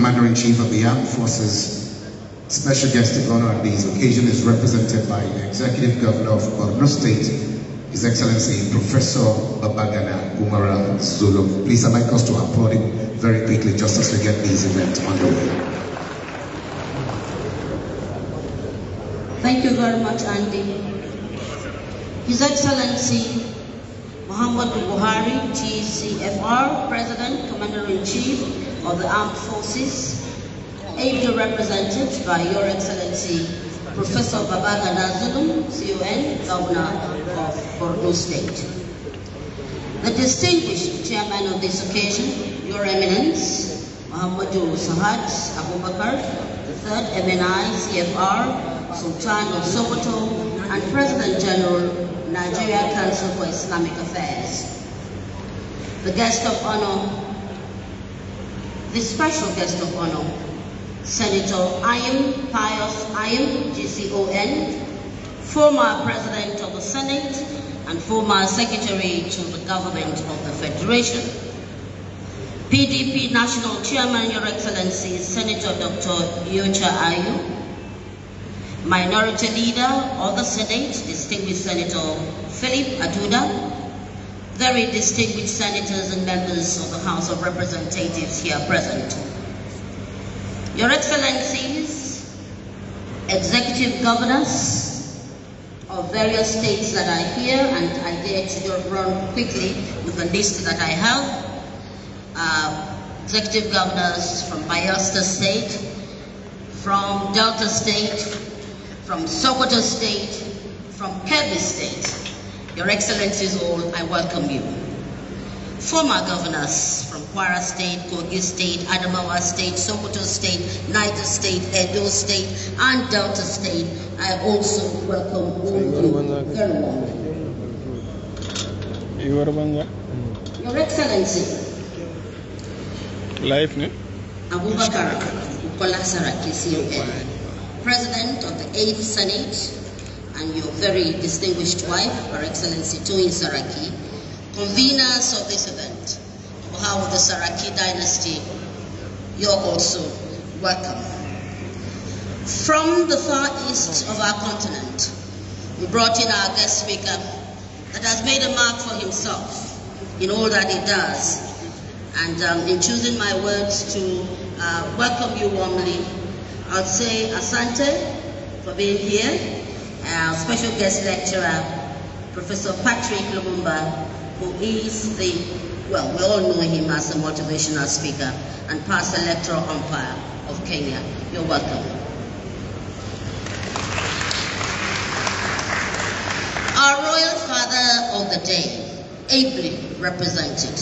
Commander-in-Chief of the Armed Forces. Special guest of honor on these occasion is represented by the Executive Governor of Borno State, His Excellency Professor Babagana Umara Zulu. Please, I'd like us to applaud him very quickly just as we get these events underway. Thank you very much, Andy. His Excellency Muhammad Buhari, GCFR, President, Commander-in-Chief, of the Armed Forces, ably represented by Your Excellency Professor Babagana Zulum, CUN, Governor of Borno State. The distinguished chairman of this occasion, Your Eminence, Muhammadu Sahaj Abubakar, the third MNI CFR, Sultan of Sokoto, and President General, Nigeria Council for Islamic Affairs. The guest of honor the special guest of honor, Senator Ayim Pius Ayim, GCON, former President of the Senate and former Secretary to the Government of the Federation. PDP National Chairman, Your Excellency, Senator Dr. Yocha Ayu, Minority Leader of the Senate, Distinguished Senator Philip Aduda, very distinguished senators and members of the House of Representatives here present. Your Excellencies, executive governors of various states that are here, and I dare to just run quickly with the list that I have. Uh, executive governors from Bayelsa State, from Delta State, from Sokoto State, from Kebbi State. Your Excellencies all, I welcome you. Former governors from Kwara State, Kogi State, Adamawa State, Sokoto State, Niger State, Edo State, and Delta State, I also welcome all you very Your Excellency. Life, ne? Abubakar Ukola Saraki, President of the 8th Senate, and your very distinguished wife, Her Excellency Tuin Saraki, conveners of this event, on behalf of the Saraki dynasty, you're also welcome. From the far east of our continent, we brought in our guest speaker that has made a mark for himself in all that he does. And um, in choosing my words to uh, welcome you warmly, I'll say asante for being here our special guest lecturer, Professor Patrick Lumumba, who is the, well, we all know him as a motivational speaker and past electoral umpire of Kenya. You're welcome. Our Royal Father of the Day, ably represented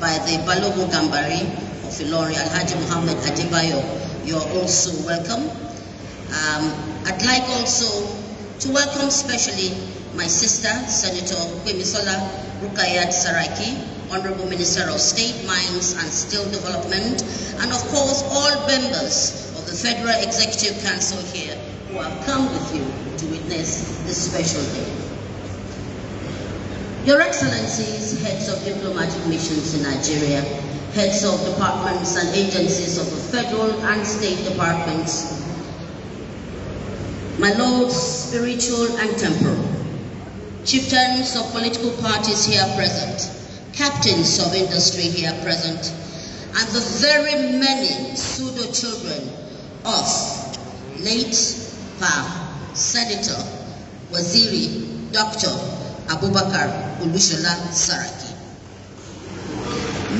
by the Balogo Gambari of Ilori, Alhaji Muhammad Adebayo, you're also welcome. Um, I'd like also to welcome specially my sister, Senator Kwemisola Rukayat Saraki, Honorable Minister of State, Mines and Steel Development, and of course all members of the Federal Executive Council here who have come with you to witness this special day. Your Excellencies, heads of diplomatic missions in Nigeria, heads of departments and agencies of the federal and state departments, my lords, spiritual and temporal. Chieftains of political parties here present, captains of industry here present, and the very many pseudo-children of late PAM, Senator, Waziri, Dr. Abubakar Ulushola Saraki.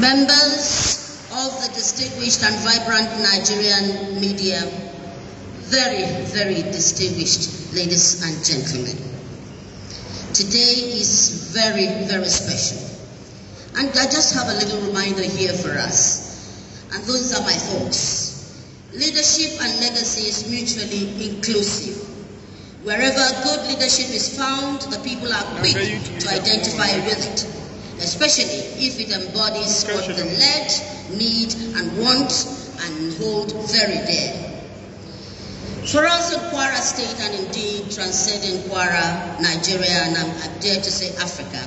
Members of the distinguished and vibrant Nigerian media very, very distinguished ladies and gentlemen. Today is very, very special. And I just have a little reminder here for us. And those are my thoughts. Leadership and legacy is mutually inclusive. Wherever good leadership is found, the people are quick to identify with it, especially if it embodies what the led need and want and hold very dear. For us in Kwara State and indeed transcending Kwara, Nigeria, and I'm, I dare to say Africa,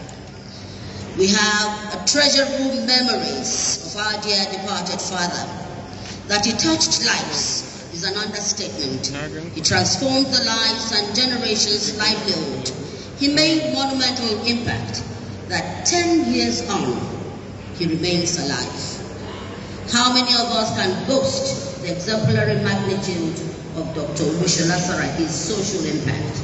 we have a treasurable memories of our dear departed father. That he touched lives is an understatement. He transformed the lives and generations' livelihood. He made monumental impact that 10 years on, he remains alive. How many of us can boast the exemplary magnitude of Dr. Olushola Saraki's social impact.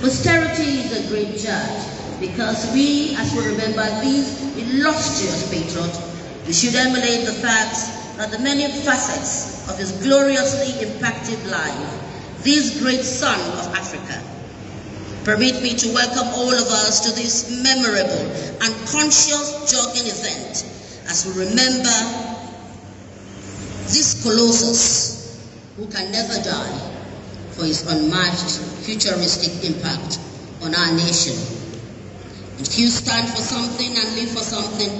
Posterity is a great judge because we, as we remember these illustrious patriots, we should emulate the fact that the many facets of his gloriously impacted life, this great son of Africa, Permit me to welcome all of us to this memorable and conscious jogging event as we remember this colossus who can never die for his unmatched futuristic impact on our nation. If you stand for something and live for something,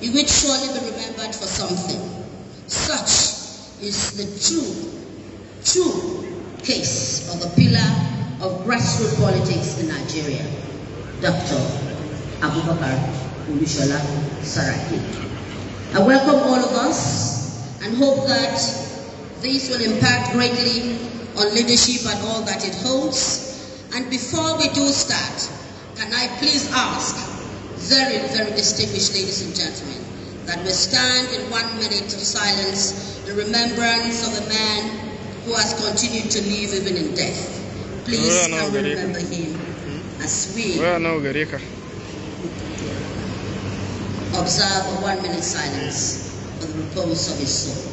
you will surely be remembered for something. Such is the true, true case of a pillar of grassroots politics in Nigeria, Dr. Abubakar Ulushola Saraki. I welcome all of us and hope that this will impact greatly on leadership and all that it holds. And before we do start, can I please ask, very, very distinguished ladies and gentlemen, that we stand in one minute of silence in remembrance of a man who has continued to live even in death. Please well, no, remember him hmm? as we no, observe a one minute silence for the repose of his soul.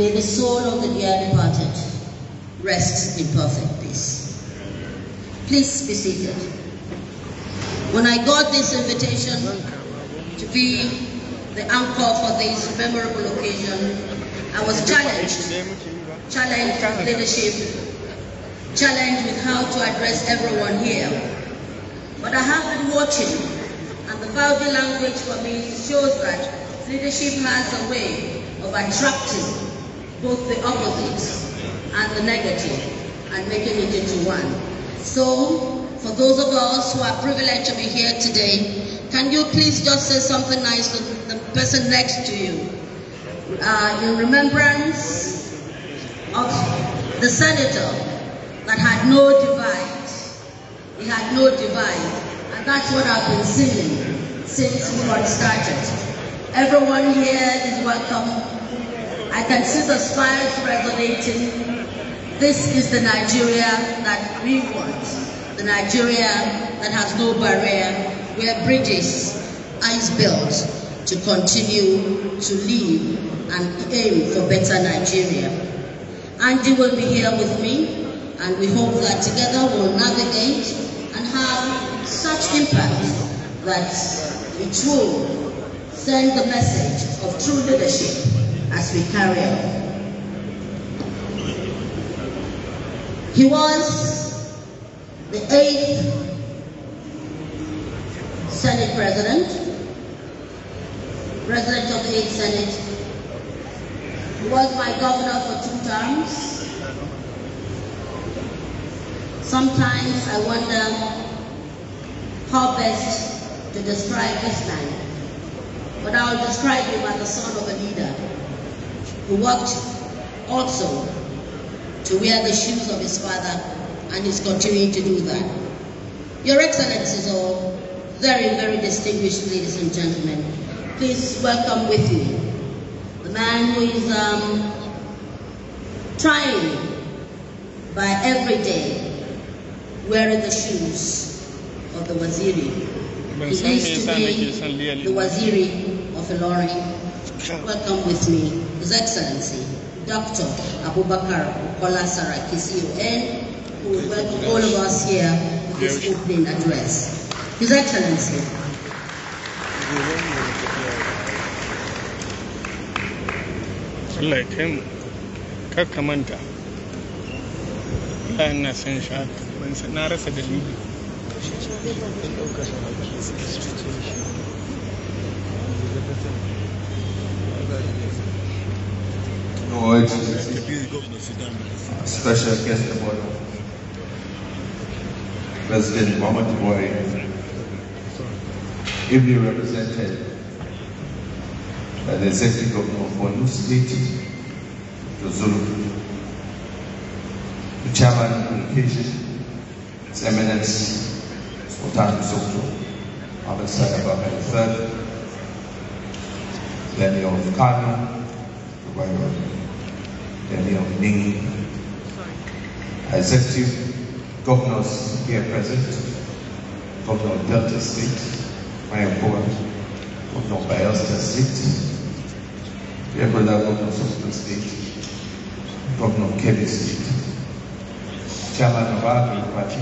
May the soul of the dear departed rest in perfect peace. Please be seated. When I got this invitation to be the anchor for this memorable occasion, I was challenged, challenged with leadership, challenged with how to address everyone here. But I have been watching, and the Baudi language for me shows that leadership has a way of attracting both the opposite and the negative and making it into one. So for those of us who are privileged to be here today, can you please just say something nice to the person next to you uh, in remembrance of the senator that had no divide. He had no divide. And that's what I've been seeing since we got started. Everyone here is welcome I can see the smiles resonating. This is the Nigeria that we want. The Nigeria that has no barrier, where bridges are built to continue to live and aim for better Nigeria. Andy will be here with me, and we hope that together we'll navigate and have such impact that it will send the message of true leadership as we carry on. He was the eighth Senate President, President of the eighth Senate. He was my governor for two terms. Sometimes I wonder how best to describe this man, but I'll describe him as the son of a leader. He worked also to wear the shoes of his father and is continuing to do that. Your Excellencies all very, very distinguished ladies and gentlemen, please welcome with me the man who is um, trying by every day wearing the shoes of the Waziri. He is today the Waziri of Ilori. Welcome with me. His Excellency Dr. Abubakar Kola Saraki, CON, who will welcome all of us here with his opening address. His Excellency. Allah ya taimu kakka manta Allah ina san shi haka ban san na rasa dalili Thank you. No, it's, it's, it's special guest of honor. President Muhammad Buhari, ably represented by the Executive Governor of Bonu State, the Zulu, the Chairman of Communication, His Eminence, Sultan Soto, Abasai Ababa III, Daniel of Kano, the Royal Demi Omini, executive governors here present, Governor of Delta State, my board, Governor of Bayelsa State, dear brother Governor of Southern State, Governor of Kebbi State, Chairman of our party,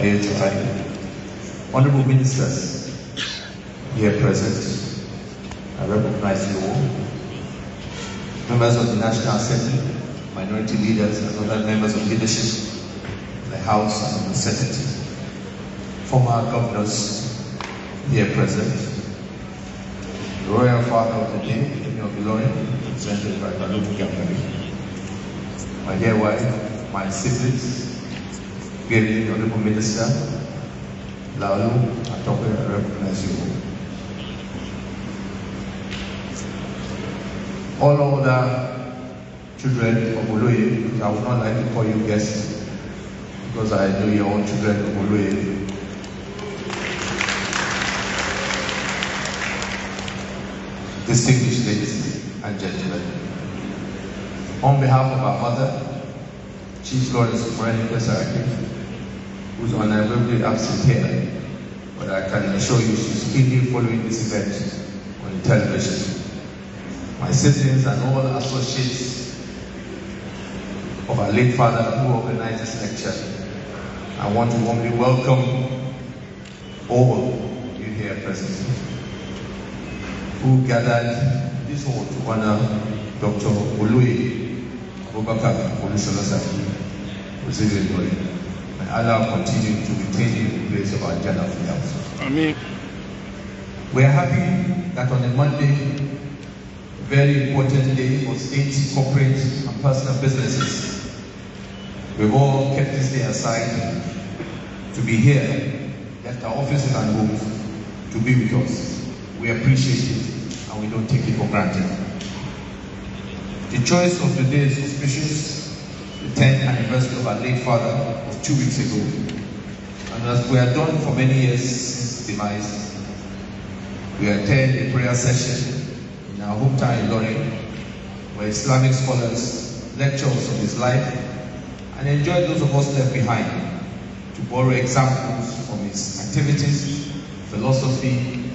Ayotollah, Honorable Ministers here present, I recognize you all members of the National Assembly, minority leaders, and other members of leadership in the House and in the Senate, former governors here present, the Royal Father of the Day, Emir Bilorin, presented by my dear wife, my siblings, Gary, Honorable Minister, Lalu, I recognize you all other children of Oloye, I would not like to call you guests because I know your own children of Oloye. Distinguished ladies and gentlemen, on behalf of our mother, Chief Lawrence Morenico Saraki, who's unavoidably absent here, but I can assure you she's keenly following this event on television my siblings and all associates of our late father who organized this lecture. I want to warmly welcome all you here present who gathered this hall to honor Dr. Oluye Abubakar Olusolasa Ozirin May Allah continue to retain you in the place of our Jannah Fiyaus. Amen. We are happy that on the Monday very important day for state, corporate, and personal businesses. We've all kept this day aside to be here, left our offices and homes to be with us. We appreciate it and we don't take it for granted. The choice of the day is auspicious, the 10th anniversary of our late father was two weeks ago. And as we have done for many years since his demise, we attend a prayer session now, Humtai and Lori where Islamic scholars, lectures of his life, and enjoyed those of us left behind to borrow examples from his activities, philosophy,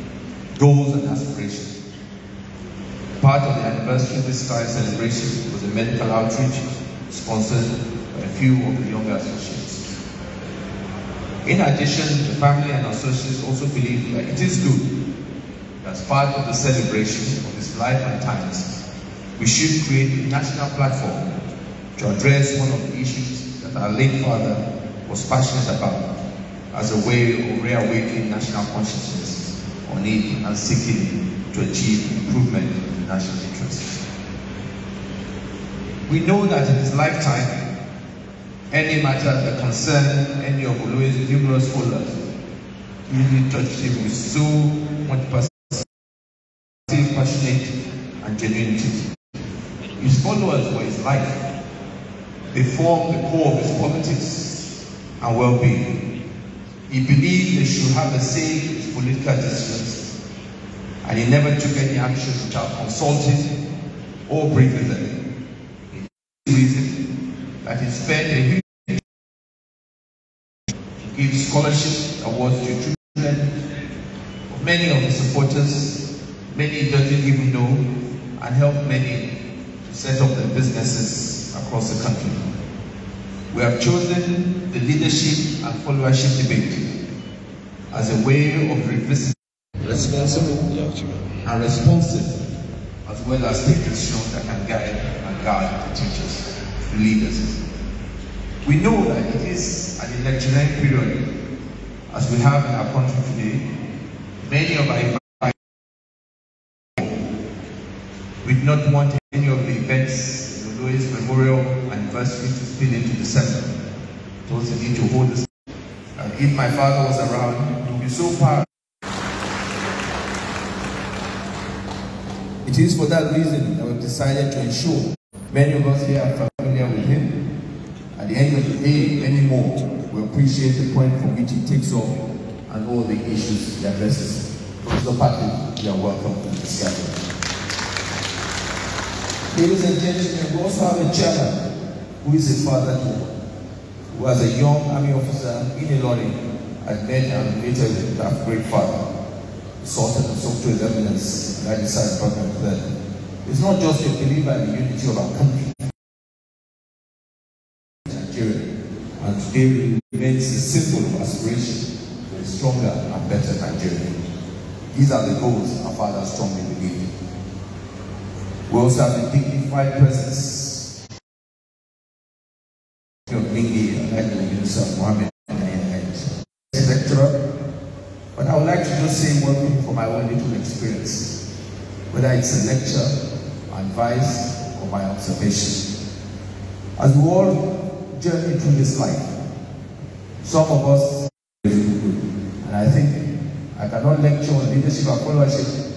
goals, and aspirations. Part of the anniversary of this time celebration was a medical outreach sponsored by a few of the younger associates. In addition, the family and associates also believe that it is good as part of the celebration of his life and times, we should create a national platform to address one of the issues that our late father was passionate about as a way of reawakening national consciousness on it and seeking to achieve improvement in the national interest. We know that in his lifetime, any matter that concerned any of Louis' numerous followers, really touched him with so much passion and genuine teaching. His followers were his life. They formed the core of his politics and well-being. He believed they should have the same political decisions, and he never took any action without consulting or briefing them. The reason that he spent a huge to give scholarship awards to children of many of his supporters Many do not even know and help many to set up their businesses across the country. We have chosen the leadership and followership debate as a way of revisiting responsible and responsive as well as taking strong that can guide and guide the teachers, the leaders. We know that it is an electionary period as we have in our country today. Many of our We do not want any of the events, the Louis Memorial Anniversary to spin into December. We also need to hold this. And uh, if my father was around, he would be so proud. It is for that reason that we've decided to ensure many of us here are familiar with him. At the end of the day more we appreciate the point from which he takes off and all the issues he addresses. Professor Patrick, you are welcome to this gathering. Ladies and gentlemen, we also have a chairman who is a father too. who was a young army officer in a lorry and then and later a great father. Sorted and sought to his evidence that decided department that it's not just a believer in the unity of our country. Nigeria. And today remains a symbol of aspiration for a stronger and better Nigeria. These are the goals our fathers strongly believed in. We also have a dignified presence of Mingi Alhaji and lecturer. But I would like to just say one thing from my own little experience, whether it's a lecture, advice, or my observation. As we all journey through this life, some of us, and I think I cannot lecture on leadership or followership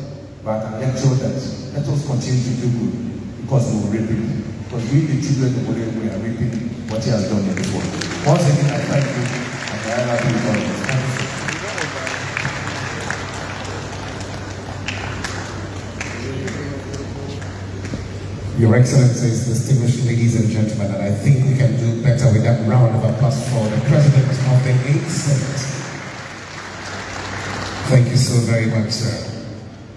and let's that. Let us continue to do good because we will reap it. Because we, the children of Olymp, we are reaping what he has done in this world. Once again, I thank you and I for you. Your Excellencies, distinguished ladies and gentlemen, and I think we can do better with that round of applause for the President of the 8th Senate. Thank you so very much, sir.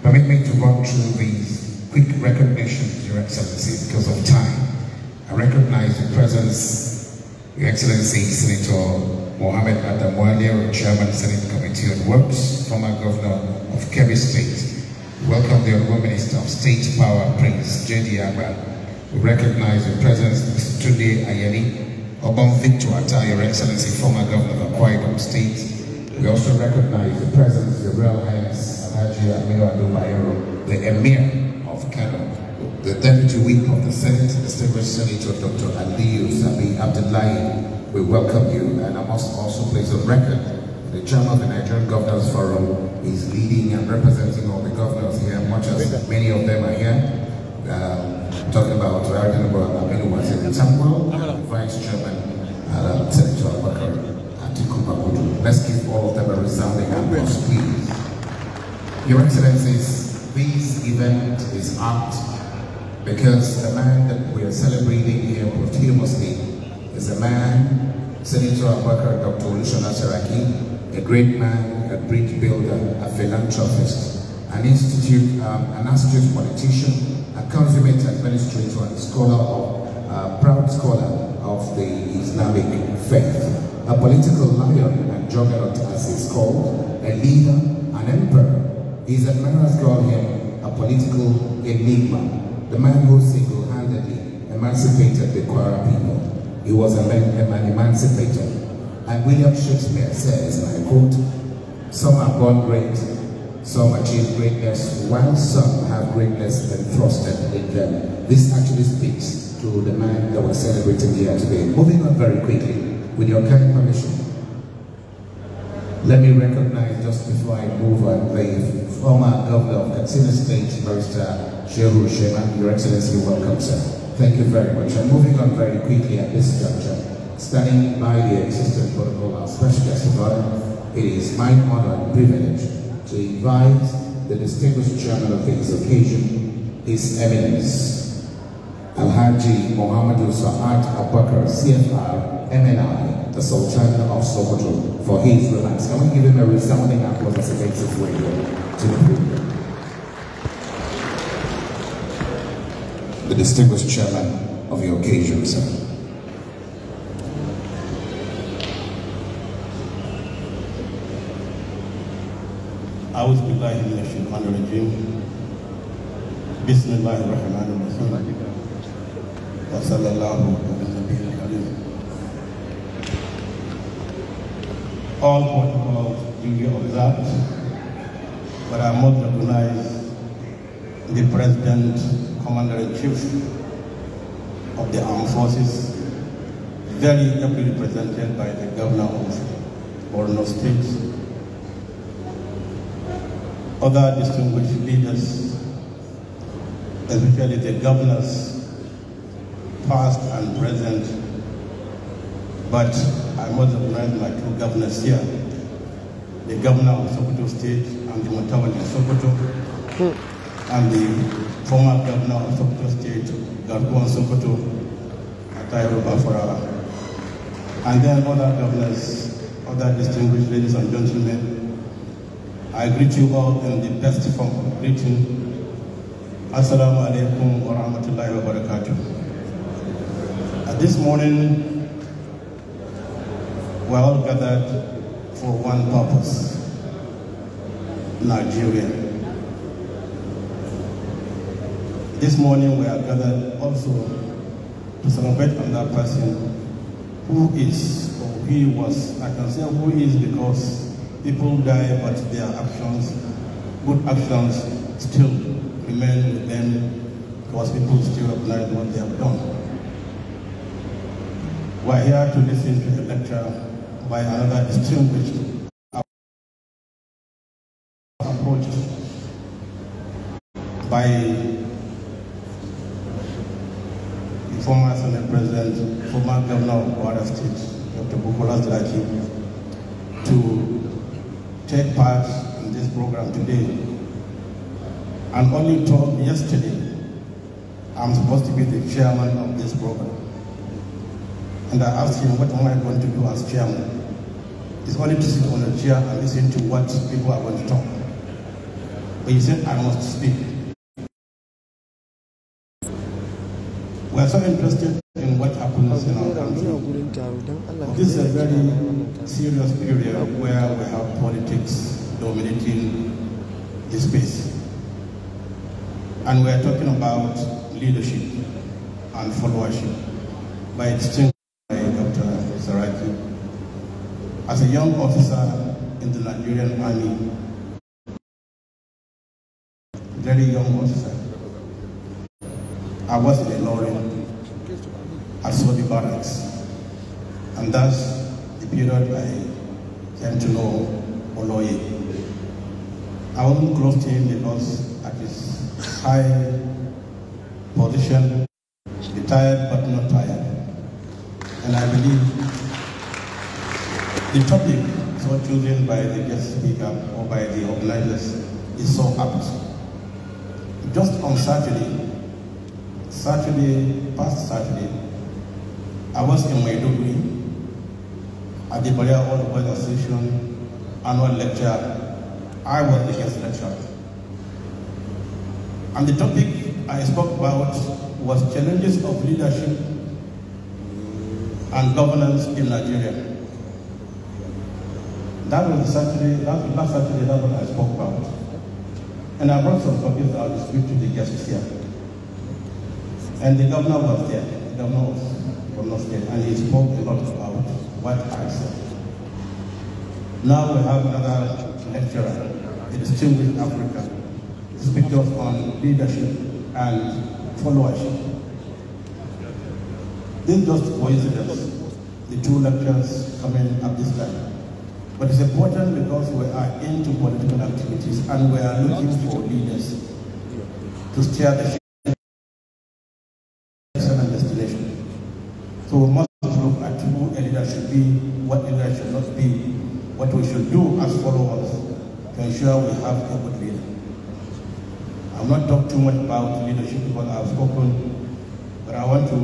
Permit me to run through these quick recognitions, Your Excellency, because of time. I recognize the presence, Your Excellency, Senator Mohamed Adamwale, Chairman Senate Committee on Works, former Governor of Kebbi State. Welcome the Honourable Minister of State Power, Prince J.D. Agba. We recognize the presence of Tunde Ayeni, Obon Victor Atta, Your Excellency, former Governor of Akwa State. We also recognize the presence of Your Royal Highness Haji the Emir of Kano, the Deputy Whip of the Senate, Distinguished Senator Dr. Aliyu Sabi Abdullahi. We welcome you, and I must also place on record the chairman of the Nigerian Governors Forum is leading and representing all the governors here, much as many of them are here. Um, talking about Ardenabo Abinu Waziri Samuel, Vice Chairman uh, Senator Abakar Let's give all of them a resounding applause, please. Your Excellencies, this event is apt because the man that we are celebrating here posthumously is a man, Senator Abubakar Dr. Olushana Saraki, a great man, a bridge builder, a philanthropist, an institute, um, an astute politician, a consummate administrator and scholar of, uh, proud scholar of the Islamic faith, a political lion and juggernaut as he's called, a leader, an emperor, is a man, has called him, a political enigma, the man who single-handedly emancipated the Quara people. He was a man, an emancipator. And William Shakespeare says, and I quote, Some are born great, some achieve greatness, while some have greatness entrusted in them. This actually speaks to the man that we're celebrating here today. Moving on very quickly, with your kind permission, let me recognize just before I move on the former governor of Katsina State, Barrister Shehu Shema. Your Excellency, welcome, sir. Thank you very much. I'm moving on very quickly at this juncture. Standing by the existing protocol, our special guest of honor, it is my honor and privilege to invite the distinguished chairman of this occasion, His Eminence, Alhaji Mohammed Sa'ad Abakar, CFR, MNI, the Sultan of Sokoto, for he is relaxed. Can we give him a resounding applause as he makes his way here to the podium? The distinguished chairman of the occasion, sir. أعوذ بالله من الشيطان الرجيم بسم الله الرحمن الرحيم وصلى الله all protocols will of that, but I must recognize the President, Commander-in-Chief of the Armed Forces, very ably represented by the Governor of Borno State, other distinguished leaders, especially the governors, past and present, but I must recognize my two governors here, the governor of Sokoto State and the Motawali of Sokoto, and the former governor of Sokoto State, Garkuan Sokoto, Atayo Bafara, and then other governors, other distinguished ladies and gentlemen. I greet you all in the best form of greeting. Assalamu alaikum wa rahmatullahi wa barakatuh. This morning, we're all gathered for one purpose, Nigeria. This morning we are gathered also to celebrate another person who is, or he was, I can say who is because people die but their actions, good actions still remain with them because people still apply what they have done. We're here to listen to the lecture by another distinguished approach by the former Senate President, former Governor of Kwara State, Dr. Bukola Zraki, to take part in this program today and only told me yesterday I'm supposed to be the chairman of this program. And I asked him, what am I going to do as chairman? It's only to sit on a chair and listen to what people are going to talk. But he said, I must speak. We are so interested in what happens in our country. This is a very serious period where we have politics dominating the space. And we are talking about leadership and followership by distinction by Dr. Saraki as a young officer in the Nigerian army. Very young officer. I was in a lorry. I saw the barracks. And that's the period I came to know Oloye. I wasn't close to him because at his high position, retired but not tired. And I believe The topic is not chosen by the guest speaker or by the organizers is so apt. Just on Saturday, Saturday, past Saturday, I was in Maiduguri at the Barrier All Boys Association annual lecture. I was the guest lecturer. And the topic I spoke about was challenges of leadership and governance in Nigeria. That was the Saturday, that was last Saturday, that's what I spoke about. And I brought some copies out to speak to the guests here. And the governor was there, the governor was from North State, and he spoke a lot about what I said. Now we have another lecturer, a distinguished Africa, speak to on leadership and followership. This just coincidence, the two lectures coming at this time. But it's important because we are into political activities and we are looking for leaders to steer the and destination. So we must look at who a leader should be, what leader should not be, what we should do as followers to ensure we have a good leader. i have not talked too much about leadership because I've spoken, but I want to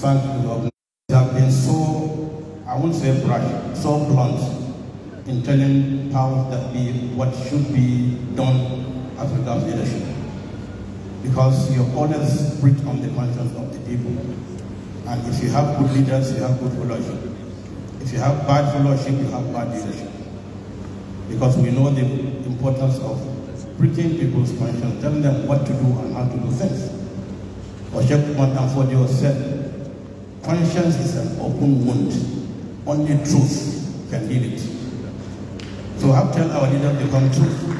thank the organizers. They have been so, I won't say brash, so blunt in telling powers that be what should be done as regards leadership. Because your orders preach on the conscience of the people. And if you have good leaders, you have good fellowship. If you have bad fellowship, you have bad leadership. Because we know the importance of preaching people's conscience, telling them what to do and how to do things. Oshep Matanfodio said, conscience is an open wound. Only truth can heal it. So I tell our leaders become truthful.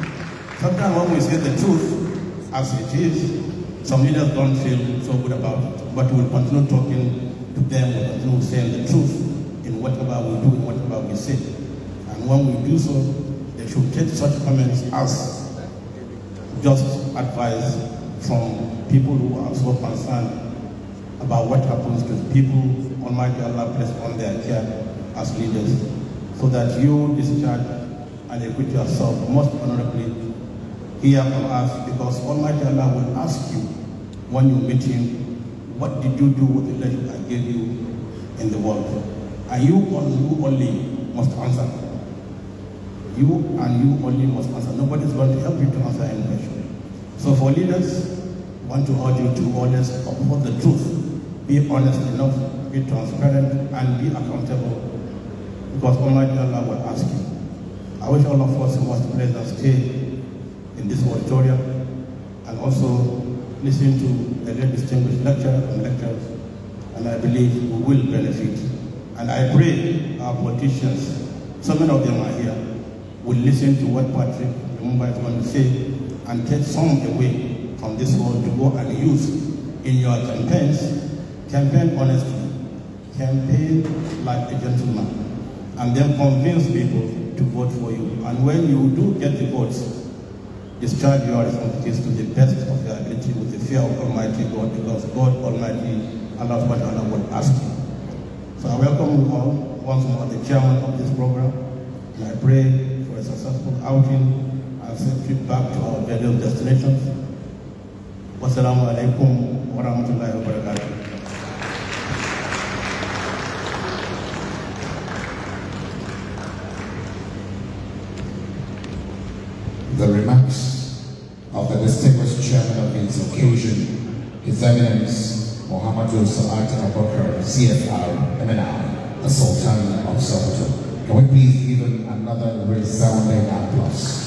Sometimes when we say the truth as it is, some leaders don't feel so good about it. But we'll continue talking to them, we'll continue saying the truth in whatever we do, in whatever we say. And when we do so, they should take such comments as just advice from people who are so concerned about what happens to people Almighty Allah placed on their care as leaders so that you discharge and equip yourself most honorably here on earth because Almighty Allah will ask you when you meet him, what did you do with the life I gave you in the world? And you only, you only must answer. You and you only must answer. Nobody's going to help you to answer any question. So for leaders, I want to urge you to always uphold the truth. Be honest enough, be transparent, and be accountable. Because Almighty Allah will ask you. I wish all of us who was blessed and stay in this auditorium and also listen to a very distinguished lecture and lectures, and I believe we will benefit. And I pray our politicians, so many of them are here, will listen to what Patrick Lumumba is going to say and take some away from this world to go and use in your campaigns. Campaign honestly, campaign like a gentleman, and then convince people to vote for you. And when you do get the votes, discharge your responsibilities to the best of your ability with the fear of Almighty God, because God Almighty, Allah subhanahu Allah will ask you. So I welcome you all, once more the chairman of this program, and I pray for a successful outing and safe trip back to our various destinations. Wassalamu alaikum wa C.F. Eminem, the Sultan of Sokoto. Can we please give him another resounding applause?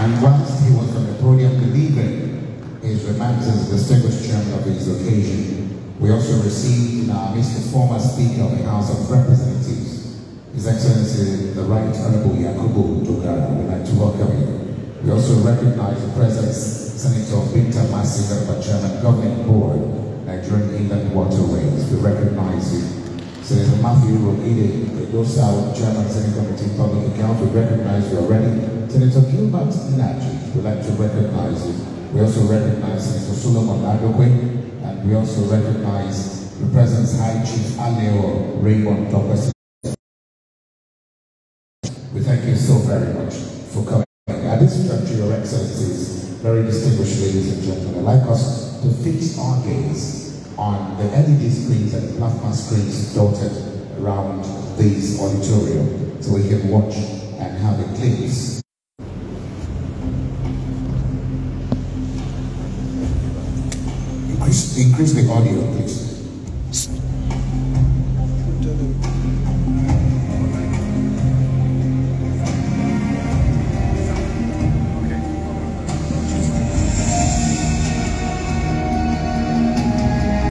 And whilst he was on the podium delivering his remarks as distinguished chairman of his occasion, we also received uh, Mr. former Speaker of the House of Representatives, His Excellency the Right Honorable Yakubu Dogara. We'd like to welcome him. We also recognize the presence Senator Victor Masiga, Chairman Governing Board Nigerian inland waterways to recognize you. Senator Matthew Romide, the Gosau Chairman Senate Committee Public Account, to recognize you already. Senator Gilbert Naji would like to recognize you. We also recognize Senator Solomon Adokwe, and we also recognize the President's High Chief Aleo Raymond Douglas. We thank you so very much for coming. At this juncture, Your Excellencies, very distinguished ladies and gentlemen, like us, to fix our gaze on the LED screens and plasma screens dotted around this auditorium so we can watch and have a glimpse. Increase, increase the audio, please.